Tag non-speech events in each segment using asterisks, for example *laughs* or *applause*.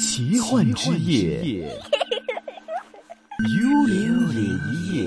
奇幻之夜， *laughs* 幽靈夜。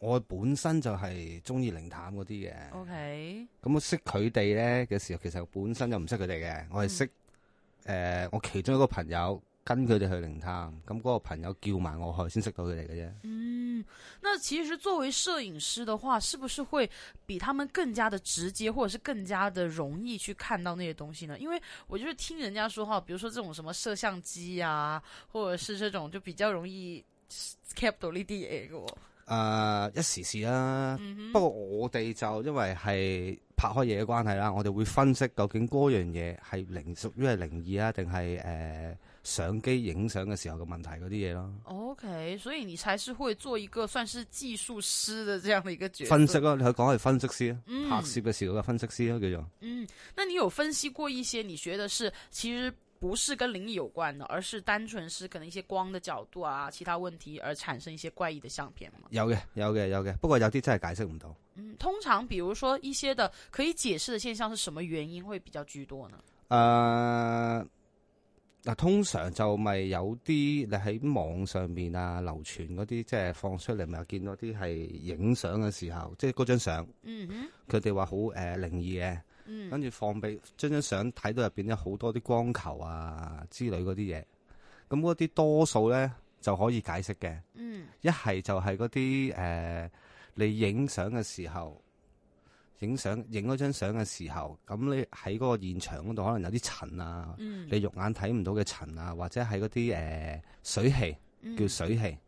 我本身就係中意靈探嗰啲嘅，OK，咁我識佢哋咧嘅時候，其實本身就唔識佢哋嘅，我係識誒我其中一個朋友跟佢哋去靈探，咁嗰個朋友叫埋我去先識到佢哋嘅啫。嗯，那其實作為攝影師的話，是不是會比他們更加的直接，或者是更加的容易去看到那些東西呢？因為我就是聽人家說，哈，比如說這種什麼攝像機啊，或者是這種就比較容易 cap 到呢啲嘢嘅。誒、呃，一時事啦、啊。嗯、哼不過我哋就因為係拍開嘢嘅關係啦，我哋會分析究竟嗰樣嘢係靈屬於係靈異啊，定係誒相機影相嘅時候嘅問題嗰啲嘢咯。OK，所以你才是會做一個算是技術師的這樣嘅一個角色。分析咯、啊，你可以講係分析師，嗯、拍攝嘅時候嘅分析師咯、啊、叫做。嗯，那你有分析過一些你覺得是其實？不是跟靈異有關的，而是單純是可能一些光的角度啊，其他問題而產生一些怪異的相片嘛？有嘅，有嘅，有嘅。不過有啲真係解釋唔到。嗯，通常，比如說一些的可以解釋的現象，是什麼原因會比較居多呢？誒、呃啊，通常就咪有啲你喺網上面啊流傳嗰啲，即係放出嚟咪有見到啲係影相嘅時候，即係嗰張相，嗯哼，佢哋話好誒靈異嘅。呃跟住放俾張張相睇到入邊有好多啲光球啊之類嗰啲嘢，咁嗰啲多數咧就可以解釋嘅。嗯、一係就係嗰啲誒，你影相嘅時候，影相影嗰張相嘅時候，咁你喺嗰個現場嗰度可能有啲塵啊，嗯、你肉眼睇唔到嘅塵啊，或者係嗰啲誒水汽，叫水汽，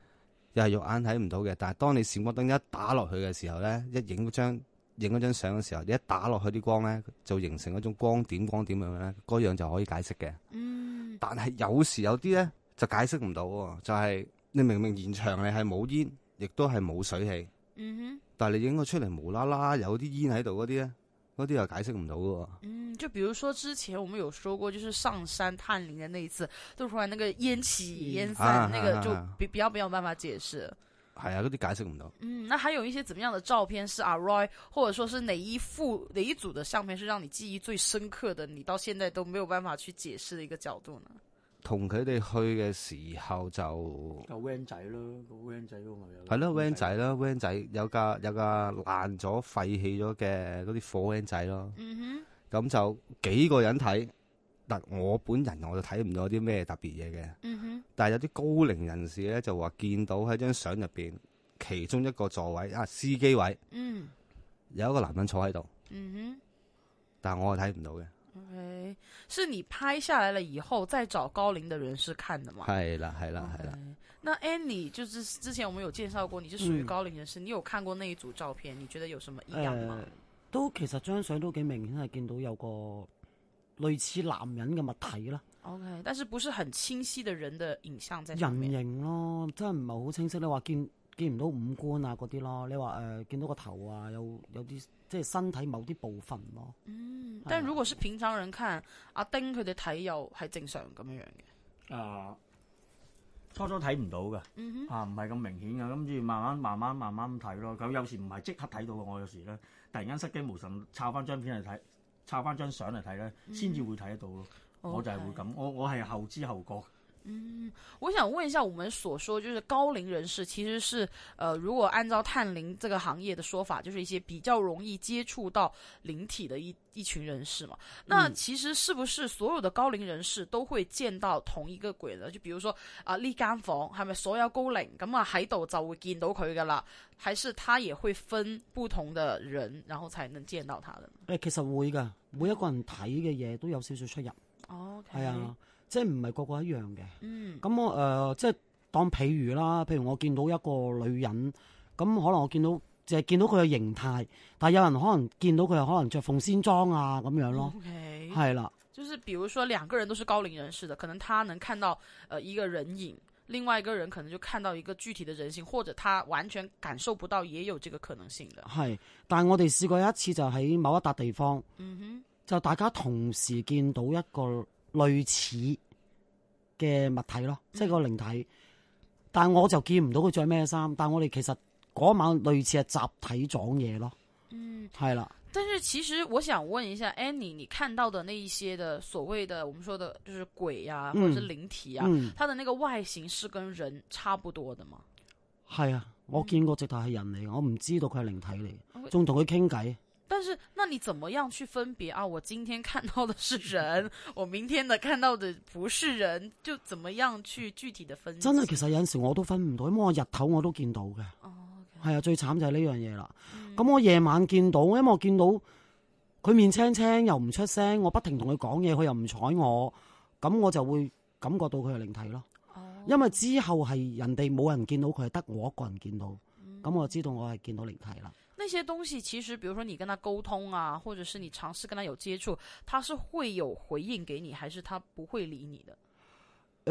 又係、嗯、肉眼睇唔到嘅。但係當你閃光燈一打落去嘅時候咧，一影嗰張，影嗰張相嘅時候，你一打落去啲光咧，就形成一種光點、光點樣咧，嗰樣就可以解釋嘅。嗯，但係有時有啲咧就解釋唔到，就係、是、你明明現場係冇煙，亦都係冇水汽，嗯哼，但係你影個出嚟無啦啦有啲煙喺度嗰啲咧，嗰啲又解釋唔到嘅。嗯，就譬如說之前我們有說過，就是上山探靈嘅那一次，都係嗰個煙起煙散，那個、啊啊、就比比較沒有辦法解釋。係啊，嗰啲解釋唔到。嗯，那還有一些怎麼樣的照片是阿 Roy，或者說是哪一幅、哪一組的相片是讓你記憶最深刻的？你到現在都沒有辦法去解釋的一個角度呢？同佢哋去嘅時候就個 van 仔咯，個 van 仔咯，係咯 van 仔啦，van 仔有架有架爛咗、廢棄咗嘅嗰啲火 van 仔咯。嗯哼，咁就幾個人睇。嗱，但我本人我就睇唔到啲咩特別嘢嘅，嗯哼，但係有啲高齡人士咧就話見到喺張相入邊，其中一個座位啊司機位，嗯、有一個男人坐喺度，嗯哼，但係我係睇唔到嘅。OK，是你拍下來了以後再找高齡的人士看的嘛？係啦，係啦，係啦。Okay. 那 Annie 就是之前我們有介紹過，你是屬於高齡人士，嗯、你有看過那一組照片？你覺得有什麼異樣嗎？哎哎哎，都其實張相都幾明顯係見到有個。類似男人嘅物體啦，OK，但係不是很清晰嘅人的影像在。人形咯，真係唔係好清晰。你話見見唔到五官啊嗰啲咯，你話誒、呃、見到個頭啊，有有啲即係身體某啲部分咯。嗯，但如果是平常人看阿丁佢哋睇又係正常咁樣樣嘅。啊，啊，初初睇唔到噶，嗯、哼啊唔係咁明顯噶，咁就慢慢慢慢慢慢睇咯。咁有時唔係即刻睇到嘅，我有時咧突然間失驚無神，抄翻張片嚟睇。插翻張相嚟睇咧，先至會睇得到咯。我就係會咁，我我係後知後覺。嗯，我想問一下，我們所說就是高齡人士，其實是，呃，如果按照探靈這個行業的說法，就是一些比較容易接觸到靈體的一一群人士嘛。嗯、那其實是不是所有的高齡人士都會見到同一個鬼呢？就比如說，啊呢間房係咪所有高齡咁啊喺度就會見到佢噶啦？還是他也會分不同的人，然後才能見到他的？誒，其實會噶，每一個人睇嘅嘢都有少少出入。哦，係啊。即係唔係個個一樣嘅，咁我誒即係當譬如啦，譬如我見到一個女人，咁可能我見到淨係見到佢嘅形態，但係有人可能見到佢可能着鳳仙裝啊咁樣咯，係 Okay, 啦。就是比如說兩個人都是高齡人士的，可能他能看到誒一個人影，嗯、另外一個人可能就看到一個具體的人形，或者他完全感受不到，也有這個可能性嘅。係，但係我哋試過一次，就喺某一笪地方，嗯哼，就大家同時見到一個類似嘅物體咯，即、就、係、是、個靈體，嗯、但係我就見唔到佢着咩衫。但係我哋其實嗰晚類似係集體撞嘢咯，嗯，係啦。但是其實我想問一下，Annie，你看到嘅那一些嘅所謂嘅，我們說的，就是鬼啊，或者靈體啊，它、嗯嗯、的那個外形是跟人差不多的嗎？係啊，我見過直頭係人嚟，嗯、我唔知道佢係靈體嚟，仲同佢傾偈。但是，那你怎麼樣去分別啊？我今天看到的是人， *laughs* 我明天的看到的不是人，就怎麼樣去具體的分析？真係，其實有陣時我都分唔到，因為我日頭我都見到嘅，係啊、oh, okay.，最慘就係呢樣嘢啦。咁我夜晚見到，因為我見到佢面青青，又唔出聲，我不停同佢講嘢，佢又唔睬我，咁我就會感覺到佢係靈體咯。Oh. 因為之後係人哋冇人見到佢，係得我一個人見到，咁、嗯、我就知道我係見到靈體啦。那些東西其實，比如說你跟他溝通啊，或者是你嘗試跟他有接觸，他是會有回應給你，還是他不會理你的？誒、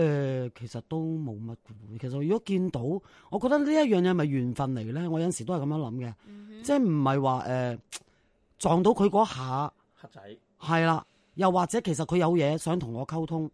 呃，其實都冇乜。其實如果見到，我覺得呢一樣嘢係咪緣分嚟咧。我有陣時都係咁樣諗嘅，嗯、哼即係唔係話誒撞到佢嗰下，黑仔係啦。又或者其實佢有嘢想同我溝通。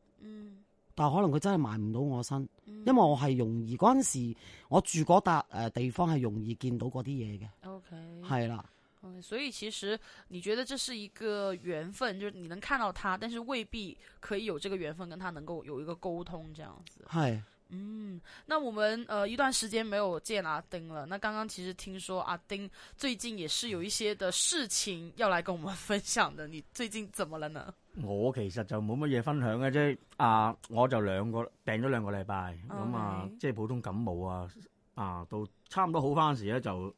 但可能佢真係埋唔到我身，嗯，因為我係容易嗰陣時，我住嗰笪誒地方係容易見到嗰啲嘢嘅。O K 係啦。Okay, 所以其實你覺得這是一個緣分，就你能看到他，但是未必可以有這個緣分跟他能夠有一個溝通，這樣子。係。嗯，那我們誒、呃、一段時間沒有見阿丁了。那剛剛其實聽說阿丁最近也是有一些的事情要來跟我們分享的。你最近怎麼了呢？我其實就冇乜嘢分享嘅啫。啊，我就兩個病咗兩個禮拜，咁 Okay. 啊，即係普通感冒啊，啊，到差唔多好返時咧就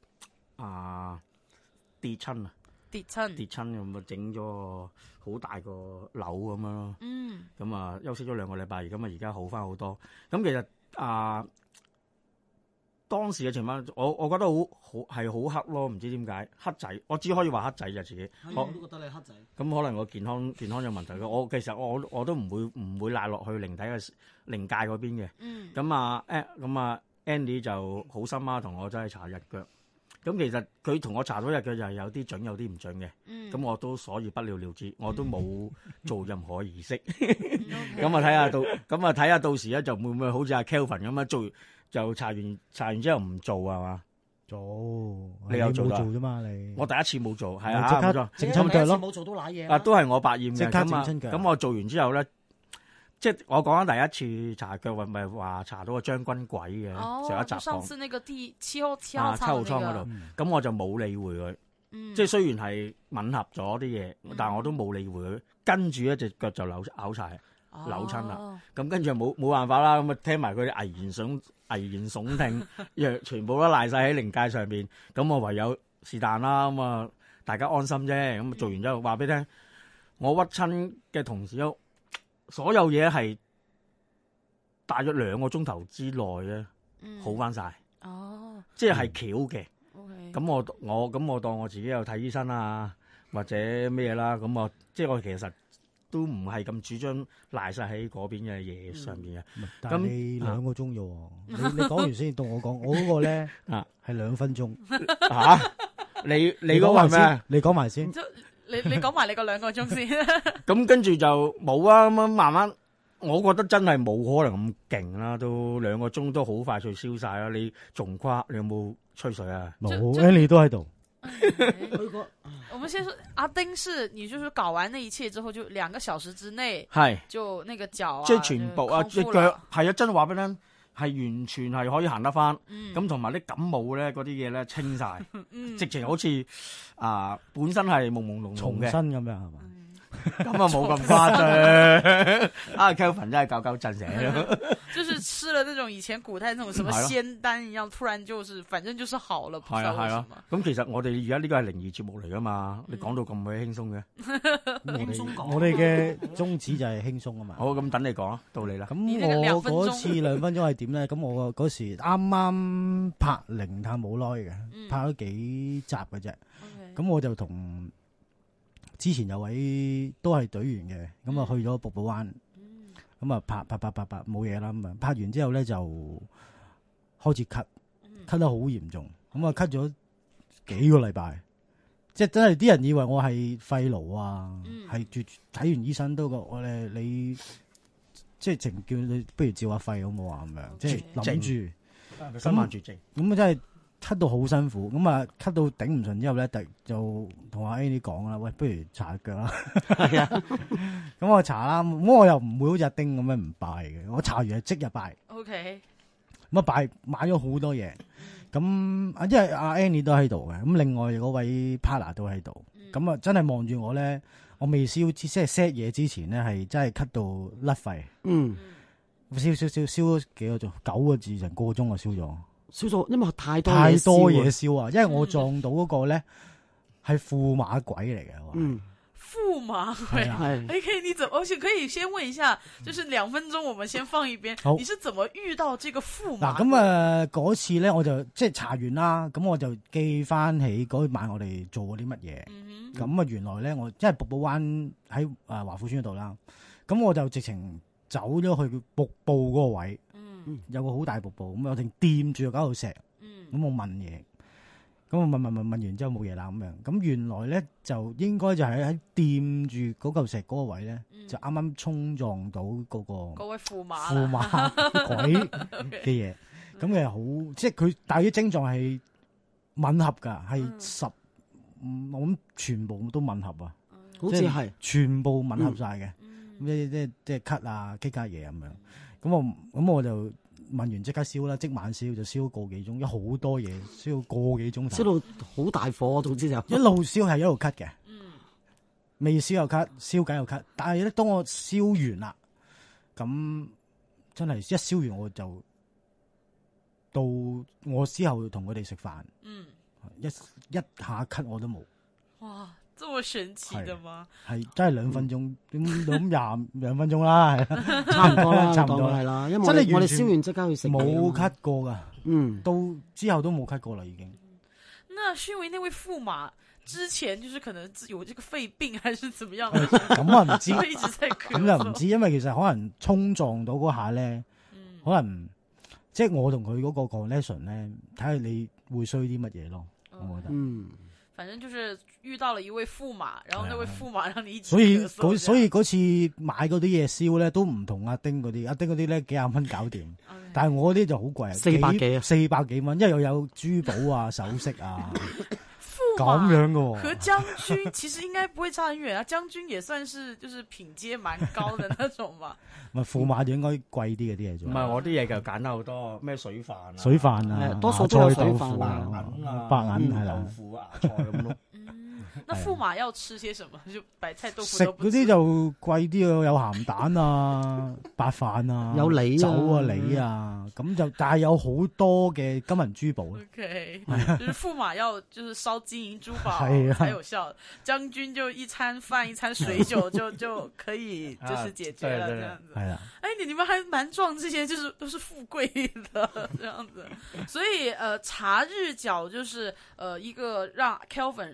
啊跌親啦。跌親跌親咁咪整咗個好大個樓咁樣咯。嗯，咁啊休息咗兩個禮拜，而家而家好翻好多。咁其實啊，當時嘅情況，我我覺得好好係好黑咯，唔知點解黑仔，我只可以話黑仔就自己。嗯，我，我都覺得你黑仔。咁可能我健康健康有問題。我其實我我都唔會唔會賴落去靈體嘅靈界嗰邊嘅。嗯。咁啊誒，咁，欸、啊 Andy 就好心啊，同我走去查日腳。咁其實佢同我查咗日，佢就係有啲準，有啲唔準嘅。咁我都所以不了了之，我都冇做任何儀式。咁啊睇下到，咁啊睇下到時咧，就會唔會好似阿 Kelvin 咁樣做？就查完查完之後唔做係嘛？做你有做啦？我第一次冇做，係啊，冇錯。正親腳咯。第一次冇做到賴嘢。啊，都係我百厭嘅。咁啊，咁我做完之後咧。即係我講緊第一次查腳運，咪話查到個將軍鬼嘅上、oh, 一集講。上次那個地七號、七號、那個啊、倉度，咁、嗯、我就冇理會佢。嗯、即係雖然係吻合咗啲嘢，嗯、但係我都冇理會佢。跟住一隻腳就扭拗晒，扭親啦。咁、oh. 跟住冇冇辦法啦。咁啊，聽埋佢危，危言聳危言聳聽， *laughs* 全部都賴晒喺靈界上邊，咁我唯有是但啦。咁啊，大家安心啫。咁做完之後話俾你聽，我屈親嘅同事所有嘢係大約兩個鐘頭之內咧，好翻晒哦，即係巧嘅。咁我我咁我當我自己有睇醫生啊，或者咩啦，咁我即係我其實都唔係咁主張賴晒喺嗰邊嘅嘢上面啊。咁你兩個鐘啫，你你講完先到我講。我嗰個咧係兩分鐘吓，你你講埋先，你講埋先。 *laughs* 你你講埋你個兩個鐘先，咁、 *laughs* 嗯、跟住就冇啊咁樣慢慢，我覺得真係冇可能咁勁啦，都兩個鐘都好快脆消晒啦。你仲誇，你有冇吹水啊？冇你都喺度。去 *laughs* *laughs* 我們先說阿丁是，你就是搞完那一切之後，就兩個小時之內，係 *laughs* 就那個腳，啊，即係全部啊，隻腳係啊，真話畀你聽。係完全係可以行得翻，咁同埋啲感冒咧，嗰啲嘢咧，清晒。嗯、直情好似啊、呃、本身係朦朦朧朧重新咁樣，係嘛、嗯？咁 *laughs* 啊冇咁誇張啫。阿 Kelvin 真係搞搞震醒，咁、嗯。就是吃了那種以前古代那種什麼仙丹一樣，啊、突然就是反正就是好了。係啊係啊。咁、啊、其實我哋而家呢個係靈異節目嚟噶嘛？嗯、你講到咁鬼輕鬆嘅。我哋鬆我哋嘅宗旨就係輕鬆啊嘛， *laughs* 好，咁等你講啊，到你啦。咁我嗰次兩分鐘係點咧？咁我嗰時啱啱拍零探冇耐嘅，拍咗幾集嘅啫。咁、嗯、我就同之前有位都係隊員嘅，咁啊、嗯、去咗瀑布灣，咁啊、嗯、拍拍拍拍拍冇嘢啦。咁啊拍完之後咧就開始咳，咳得好嚴重。咁啊咳咗幾個禮拜。即係真係啲人以為我係肺癆啊，係睇、嗯、完醫生都覺我咧你即係情叫你不如照下肺好冇啊？咁樣 Okay. 即係諗住，心寒絕症。咁啊那真係咳到好辛苦，咁啊咳到頂唔順之後咧，突就同阿 Annie 講啦：喂，不如擦腳啦。係 *laughs* 啊， *laughs* *laughs* 咁我擦啦，咁我又唔會好似阿丁咁樣唔拜嘅，我擦完即日拜。O K，咁我拜買咗好多嘢。咁啊，因為阿 Annie 都喺度嘅，咁另外嗰位 partner 都喺度，咁啊真係望住我咧，我未燒即係 set 嘢之前咧，係真係咳到甩肺，嗯，燒燒燒燒咗幾個鐘，九個字成個鐘啊燒咗，燒咗，因為太多嘢燒啊，因為我撞到嗰個咧係駙馬鬼嚟嘅。嗯駙馬、啊啊，A、okay, K，你怎？可以先問一下，就是兩分鐘，我們先放一邊。嗯、你是怎麼遇到這個駙馬？咁啊，嗰、呃、次咧，我就即係查完啦，咁我就記翻起嗰晚我哋做過啲乜嘢。咁啊、嗯哼，原來咧，我即係瀑布灣喺誒、呃、華富村嗰度啦。咁我就直情走咗去瀑布嗰個位。嗯，有個好大瀑布，咁我淨掂住個搞度石。嗯，我冇問嘢。咁問問問問完之後冇嘢啦咁樣，咁原來咧就應該就係喺掂住嗰嚿石嗰個位咧，嗯、就啱啱衝撞到、嗰個個嗰位駙馬駙馬鬼嘅嘢，咁佢好即係佢，大係啲症狀係吻合噶，係十我諗、嗯、全部都吻合啊，好似係全部吻合曬嘅，咩咩咩咳啊，其他嘢咁樣，咁我咁我就。問完即刻燒啦，即晚燒就燒個幾鐘，有好多嘢燒個幾鐘，燒到好大火。總之就一路燒係一路咳嘅，嗯，未燒又咳，燒緊又咳。但係咧，當我燒完啦，咁真係一燒完我就到我之後同佢哋食飯，嗯，一一下咳我都冇，哇！咁神奇的嘛？係真係兩分鐘，咁廿兩分鐘啦，差唔多啦，差唔多係啦。因為真係我哋燒完即刻去食，冇咳過噶，嗯，到之後都冇咳過啦，已經。那是因為呢位駙馬之前就是可能有這個肺病還是怎麼樣？咁我唔知，咁又唔知，因為其實可能沖撞到嗰下咧，可能即係我同佢嗰個 connection 咧，睇下你會衰啲乜嘢咯，我覺得。反正就是遇到了一位駙馬，然後那位駙馬讓你一一、嗯，所以那所以嗰次買嗰啲夜宵咧都唔同阿丁嗰啲，阿丁嗰啲咧幾廿蚊搞掂， *laughs* 但係我啲就好貴啊，四百幾，四百幾蚊，因為又有珠寶啊、 *laughs* 首飾啊。 *coughs* 咁樣嘅，和將軍其實應該不會差很遠啊！將軍也算是就是品階蠻高的那種嘛。唔係駙馬就應該貴啲嘅啲嘢做。唔係我啲嘢就簡單好多，咩水飯啊，水飯啊，芽菜豆腐啊，白銀係啦，豆腐啊，菜咁咯。那駙馬要吃些什麼？就白菜豆腐都不吃。食嗰啲就貴啲咯，有鹹蛋啊， *laughs* 白飯啊，有梨、啊、酒啊，梨、嗯、啊，咁就帶有好多嘅金銀珠寶。OK，就是駙馬要就是燒金銀珠寶才有效。將 *laughs* 對、啊、軍就一餐飯一餐水酒就就可以就是解決了這樣子。哎呀，哎，你你們還蠻壯，這些就是都是富貴的這樣子。所以呃，查日腳就是呃一個讓 Kelvin。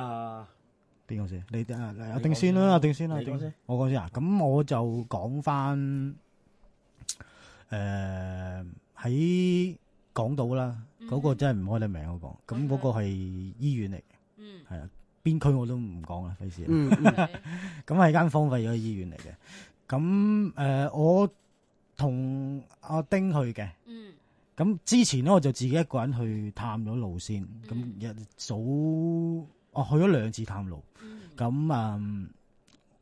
啊，邊、uh, 個先？你啊，阿丁先啦，阿丁先啦。我講先啊。咁我就講翻誒喺港島啦，嗰、mm hmm. 個真係唔開得名嗰、那個。咁、那、嗰個係醫院嚟，係啊、mm，邊、hmm. 區我都唔講啦，費事。咁係間荒廢咗醫院嚟嘅。咁誒、呃，我同阿丁去嘅。咁之前咧，我就自己一個人去探咗路線。咁日早。我去咗兩次探路，咁啊、嗯嗯，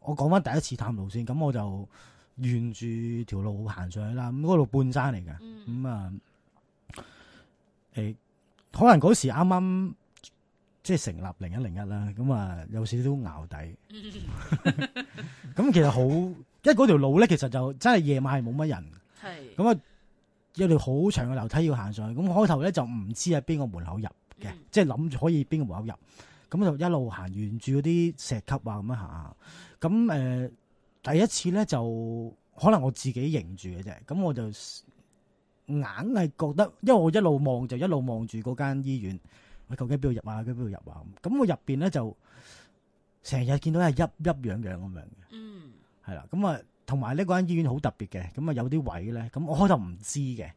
我講翻第一次探路先。咁我就沿住條路行上去啦。咁嗰度半山嚟嘅，咁啊、嗯嗯，誒、欸，可能嗰時啱啱即係成立零一零一啦，咁啊，有少少拗底。咁、嗯、 *laughs* 其實好，因為嗰條路咧，其實就真係夜晚係冇乜人。係。咁啊，有條好長嘅樓梯要行上去。咁開頭咧就唔知喺邊個門口入嘅，嗯、即係諗住可以邊個門口入。咁就一路行沿住嗰啲石級啊，咁樣行。咁誒第一次咧就可能我自己認住嘅啫。咁我就硬係覺得，因為我一路望就一路望住嗰間醫院。喂，究竟邊度入啊？邊度入啊？咁我入面咧就成日見到係一一樣樣咁樣嘅。嗯，係啦。咁啊，同埋呢嗰間醫院好特別嘅。咁啊有啲位咧，咁我開頭唔知嘅。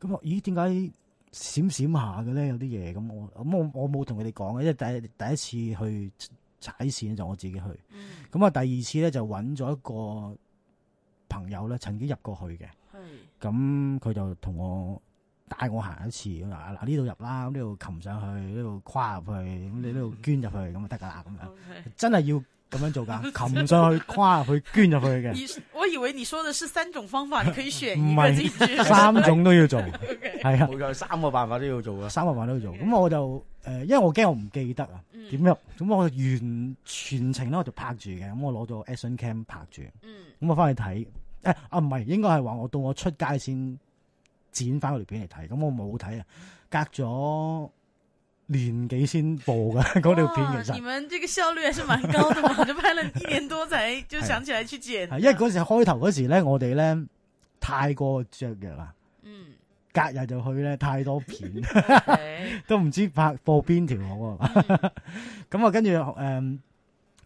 咁啊，咦？點解？閃閃下嘅咧，有啲嘢咁，我咁我我冇同佢哋講嘅，因為第第一次去踩線就我自己去。嗯。咁啊，第二次咧就揾咗一個朋友咧，曾經入過去嘅。係是。咁佢就同我帶我行一次，嗱嗱，呢度入啦，咁呢度擒上去，呢度跨入去，咁你呢度捐入去，咁就得噶啦，咁樣。Okay 真係要。咁樣做噶，擒上去，跨入去，捐入去嘅 *laughs* 我以為你說嘅是三種方法，你可以選一個，唔係 *laughs* 三種都要做，係啊 *laughs* 吧，每個，三個辦法都要做啊，三個辦法都要做。咁 Okay. 我就誒、呃，因為我驚我唔記得啊，點樣？咁、嗯、我就完全，全程咧，我就拍住嘅，咁我攞到 action cam 拍住，嗯，咁我翻去睇，誒、哎，啊，唔係，應該係話我到我出街先剪翻嗰條片嚟俾你睇，咁我冇睇啊，隔咗。年幾先播嘅嗰條片，其實你們這個效率還是蠻高的，就拍了一年多，才就想起來去剪。因為嗰時候開頭嗰時咧，我哋咧太過雀躍啦，嗯，隔日就去咧太多片，嗯、 *laughs* 都唔知拍播邊條好。咁啊，跟住誒，咁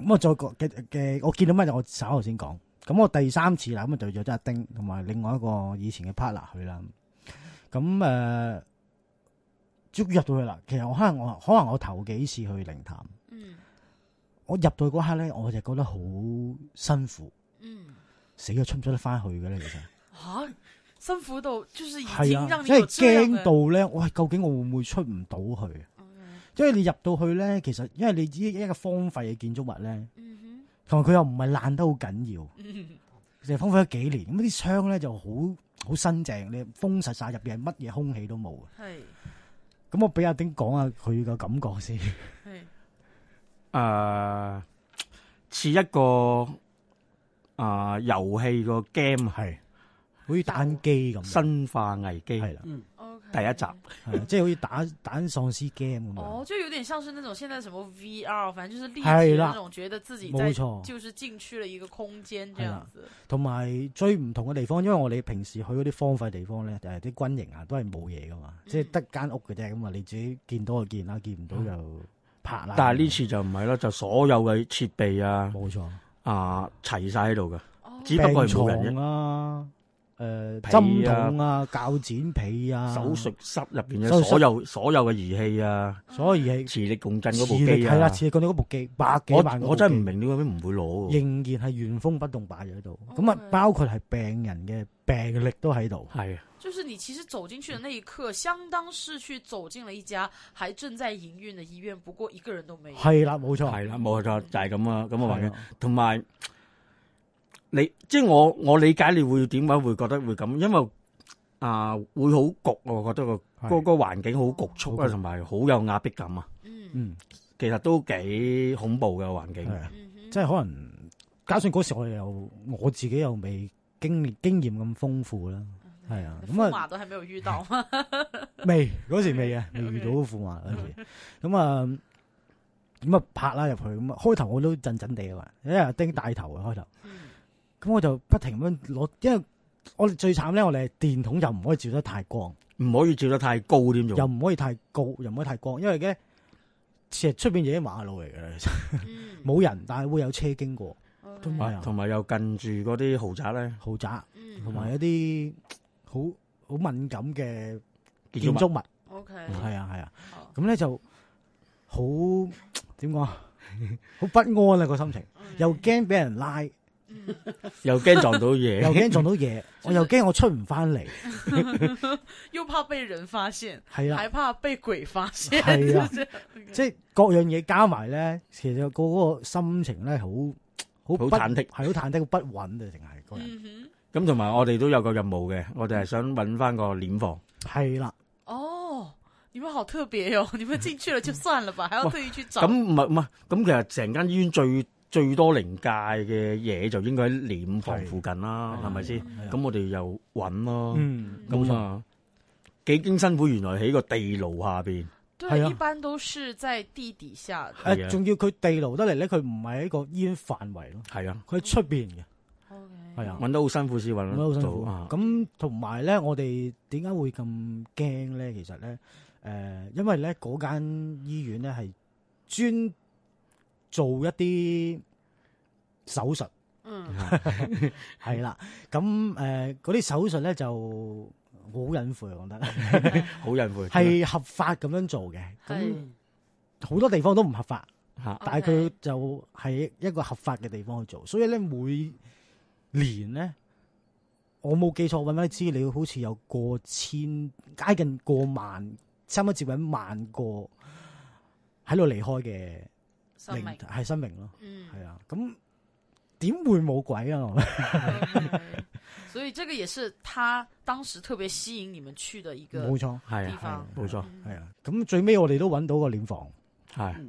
我再個嘅嘅，我見到乜就我稍後先講。咁、嗯、我第三次啦，咁啊就約咗阿丁同埋另外一個以前嘅 partner 去啦。咁誒。嗯嗯呃逐入到去啦。其實我可能我可能我頭幾次去靈探，我入到去嗰刻咧，我就覺得好辛苦，死咗出唔出得翻去嘅咧？其實嚇辛苦到，就是係啊，即係驚到咧。我係究竟我會唔會出唔到去？因為你入到去咧，其實因為你一一個荒廢嘅建築物咧，同埋佢又唔係爛得好緊要，淨係荒廢咗幾年咁，啲窗咧就好好新淨，你封實晒入邊，乜嘢空氣都冇嘅。係。咁我俾阿丁講下佢嘅感覺先是。係，誒，似一個啊遊戲個 game 係。好似打機咁，生化危機係啦，第一集，即係好似打打喪屍 game 咁啊！哦，就有點像是那種現在什麼 VR，反正就是立體那種覺得自己冇錯，就是進去了一個空間這樣子。同埋最唔同嘅地方，因為我哋平時去嗰啲荒廢地方咧，誒啲軍營啊都係冇嘢噶嘛，即係得間屋嘅啫，咁啊你自己見到就見啦，見唔到就拍啦。但係呢次就唔係啦，就所有嘅設備啊，冇錯啊，齊晒喺度噶，只不過係冇人啫。誒，針筒啊，鉸剪皮啊，手術室入邊嘅所有所有嘅儀器啊，所有儀器，磁力共振嗰部機啊，磁力係啦，磁力共振嗰部機百幾萬，我真係唔明你點解唔會攞，仍然係原封不動擺咗喺度。咁啊，包括係病人嘅病歷都喺度。係啊，就是你其實走進去嘅那一刻，相當是去走進了一家還正在營運嘅醫院，不過一個人都沒有。係啦，冇錯，係啦，冇錯，就係咁啊，咁嘅環境，同埋。你即係我，我理解你會點解會覺得會咁，因為啊、呃，會好焗，我覺得、個嗰個環是境好局促，同埋好有壓迫感啊。嗯，其實都幾恐怖嘅環境，即係可能加上嗰時我又我自己又未經驗經驗咁豐富啦，係啊。華都喺邊度遇到？未 *laughs* 嗰、啊、時未未遇到富華嗰 *laughs* 時。咁、嗯、啊，咁啊拍啦入去，咁啊開頭我都震震地啊，一我丁大頭啊開頭。咁我就不停咁樣攞，因為我哋最慘咧，我哋電筒又唔可以照得太光，唔可以照得太高點，樣又唔可以太高，又唔可以太光，因為嘅，其實出邊嘢馬路嚟嘅。冇、嗯、 *laughs* 人，但係會有車經過，同埋 Okay. 有、啊、又近住嗰啲豪宅咧，豪宅，同埋、嗯、一啲好好敏感嘅建築物，O K，係啊係啊，咁咧、啊 oh. 就好點講，好 *laughs* 不安呀、啊、個心情，嗯、又驚俾人拉。又驚撞到嘢，又驚撞到嘢，我又驚我出唔翻嚟，又怕被人發現，係啊，係怕被鬼發現，係啊，即係各樣嘢加埋咧，其實個個心情咧，好好忐忑，係好忐忑，不穩啊，成個人。咁同埋我哋都有個任務嘅，我哋係想揾翻個殮房，係啦，哦，你們好特別哦，你們進去了就算了吧，還要特意去走。咁唔係唔係，咁其實成間醫院最。最多靈界嘅嘢就應該喺殮房附近啦，係咪先？咁我哋又揾咯，咁啊幾經辛苦，原來喺個地牢下邊。對，一般都係在地底下。誒，仲要佢地牢得嚟咧，佢唔係喺個醫院範圍咯。係啊，佢喺出邊嘅。OK。係啊，揾得好辛苦先揾得到。揾得好辛苦。咁同埋咧，我哋點解會咁驚咧？其實咧，誒，因為咧嗰間醫院咧係專。做一啲手術、嗯， *laughs* 嗯，係、呃、啦，咁誒，嗰啲手術咧就好隱晦，我覺得，好隱晦，係合法咁樣做嘅，咁好的多地方都唔合法，吓、啊，但係佢就喺一個合法嘅地方去做，所以咧每年咧，我冇記錯，搵翻啲資料，好似有過千，接近過萬，差唔多接近萬個喺度離開嘅。明係申明咯，係啊，咁點、嗯啊、會冇鬼啊？ *laughs* 嗯嗯嗯、所以，這個也是他當時特別吸引你們去的一個地方。冇錯，係啊，冇錯，係啊。咁、嗯啊、最尾我哋都揾到個殮房，係、啊，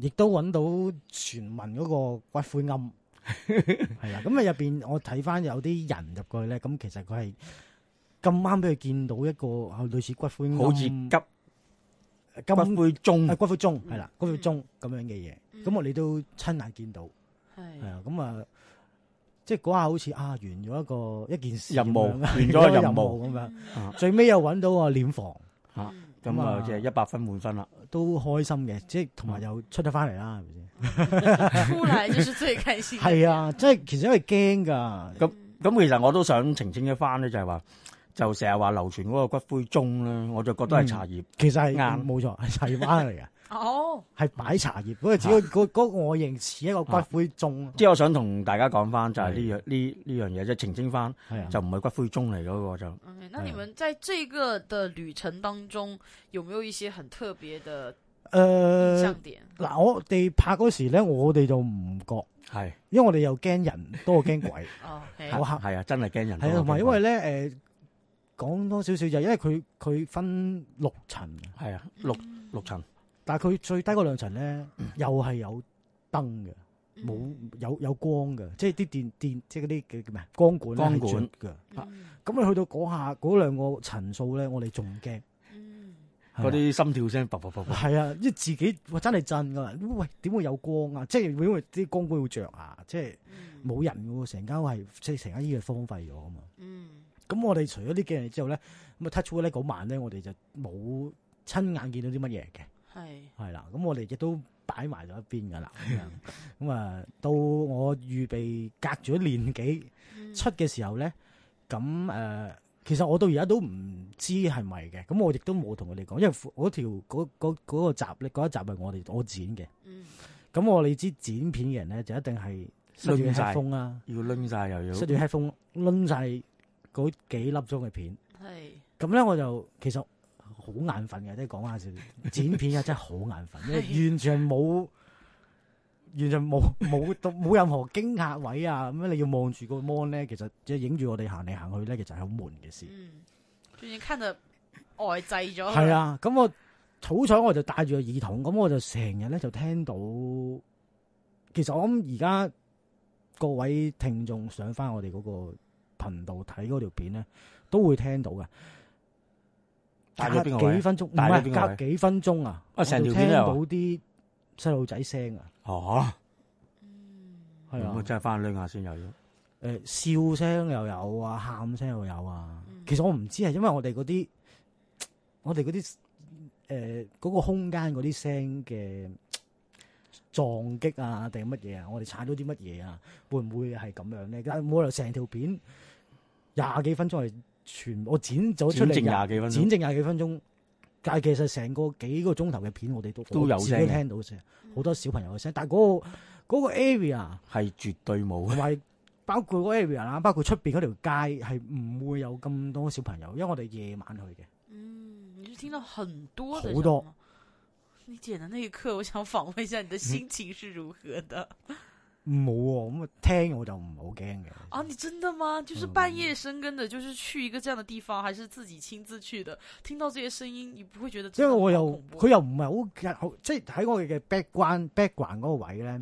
亦都揾到全文嗰個骨灰龕，係啦、 *laughs* 啊。咁啊入邊，我睇翻有啲人入過去咧，咁其實佢係咁啱俾佢見到一個類似骨灰龕，好似急骨骨、啊，骨灰盅、啊嗯、骨灰盅係啦，骨灰盅咁樣嘅嘢。咁我哋都親眼見到係，啊，咁啊，即係嗰下好似啊，完咗一個一件事，任務，完咗個任務咁樣，最尾又搵到個殮房吓，咁啊，即係一百分滿分啦，都開心嘅，即係同埋又出得翻嚟啦，係咪先？出嚟就係最開心。係啊，即係其實因為驚噶，咁咁其實我都想澄清一翻咧，就係話，就成日話流傳嗰個骨灰盅咧，我就覺得係茶葉，其實係硬，冇錯，係茶葉嚟嘅。哦，係擺茶葉，不過只要個外形似一個骨灰盅。即係我想同大家講翻，就係呢樣呢呢樣嘢，即澄清翻，就唔係骨灰盅嚟嗰個就。嗯，那你們在這個嘅旅程當中有沒有一些很特別的呃嗱，我哋拍嗰時咧，我哋就唔覺係，因為我哋又驚人多驚鬼哦，好黑，係啊，真係驚人係啊，同埋因為咧誒講多少少就因為佢佢分六層，係啊六六層。但係佢最低嗰兩層咧， *coughs* 又係有燈嘅，冇、嗯、有有，有光嘅，即係啲電電即係啲叫叫咩啊？光管光管嘅。咁你、嗯啊、去到嗰下嗰兩個層數咧，我哋仲驚嗰啲心跳聲，撲撲撲撲係啊！即係自己，真係震噶。喂，點會有光啊？即係因為啲光管會着啊，即係冇人噶喎，成間屋係即係成間醫院荒廢咗啊嘛。咁、嗯、我哋除咗呢幾日之後咧，咁啊 touch wood 咧嗰晚咧，我哋就冇親眼見到啲乜嘢嘅。係，係啦，咁我哋亦都擺埋咗一邊噶啦。咁啊，到我預備隔咗年幾出嘅時候咧，咁誒，其實我到而家都唔知係咪嘅。咁我亦都冇同佢哋講，因為嗰條嗰個集咧，嗰一集係我哋我剪嘅。咁我哋知剪片嘅人咧，就一定係拎晒，要拎晒又要，失掉拎晒嗰幾粒鐘嘅片。係，咁咧我就其實。好眼瞓嘅，即係講下剪片又真係好眼瞓， *laughs* 因完全冇， *laughs* 完全冇冇冇任何驚嚇位啊！咁你要望住個 mon 咧，其實即係影住我哋行嚟，行去咧，其實係好悶嘅事。最近 camera 呆滯咗。係啊，咁我好彩，我就戴住個耳筒，咁我就成日咧就聽到。其實我諗而家各位聽眾上翻我哋嗰個頻道睇嗰條片咧，都會聽到嘅。隔幾分鐘唔係隔幾分鐘啊！成條聽到啲細路仔聲啊！哦，係啊！我真係翻兩下先有咯。誒笑聲又有啊，喊聲又有啊。其實我唔知係因為我哋嗰啲，我哋嗰啲誒嗰個空間嗰啲聲嘅撞擊啊，定乜嘢啊？我哋踩到啲乜嘢啊？會唔會係咁樣咧？冇理由成條片廿幾分鐘係。全我剪咗出嚟，剪剩廿幾分鐘，分鐘但係其實成個幾個鐘頭嘅片我，我哋都都有聲聽到聲，好多小朋友嘅聲。嗯、但係、那、嗰個、嗰個 area 係絕對冇，同埋包括嗰 area 啦，包括出邊嗰條街係唔會有咁多小朋友，因為我哋夜晚去嘅。嗯，你就聽到很多好多。你剪的那一刻，我想訪問一下你的心情是如何的。嗯冇咁啊，聽我就唔好驚嘅。啊，你真的嗎？就是半夜生根的，就是去一個這樣的地方，嗯、還是自己親自去的？聽到這些聲音，你不會覺得？因為我又佢又唔係好，即係喺我哋嘅 background background 嗰個位咧，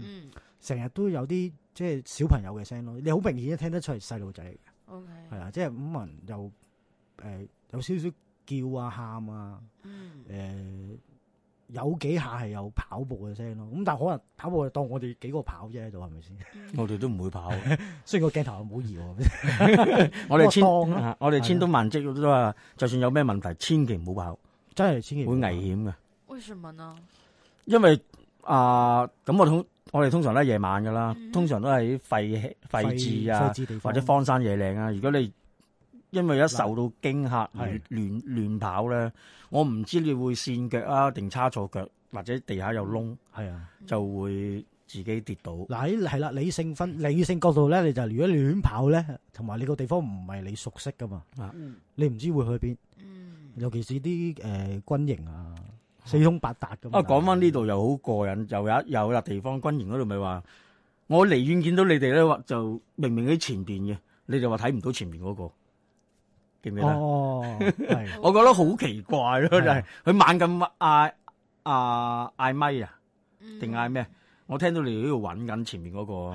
成日、嗯、都有啲即係小朋友嘅聲咯。你好明顯都聽得出係細路仔嘅。Okay. 係、呃、啊，即係咁啊又誒有少少叫啊喊啊。嗯有幾下係有跑步嘅聲咯，咁但係可能跑步就當我哋幾個跑啫，喺度係咪先？我哋都唔會跑，雖然個鏡頭又冇移我。我哋千我哋千叮萬囑都話，就算有咩問題，千祈唔好跑，真係千祈唔好走，會危險嘅。為什麼呢？因為啊，咁我通我哋通常都係夜晚噶啦，通常都係廢廢置啊，或者荒山野嶺啊。如果你因為一受到驚嚇亂亂亂跑咧，我唔知你會跣腳啊，定叉錯腳，或者地下有窿，係啊的，就會自己跌倒嗱。喺係啦，理性分理性角度咧，你就如果亂跑咧，同埋你個地方唔係你熟悉噶嘛，啊、你唔知會去邊，尤其是啲誒、呃、軍營啊，四通八達咁啊。講翻呢度又好過癮，又有有笪地方軍營嗰度，咪話我離遠見到你哋咧，就明明喺前邊嘅，你就話睇唔到前面嗰、嗰個。記唔記得？哦、 *laughs* 我覺得好奇怪咯，就係佢猛咁嗌啊嗌、啊、咪啊，定嗌咩？我聽到你喺度揾緊前面嗰個。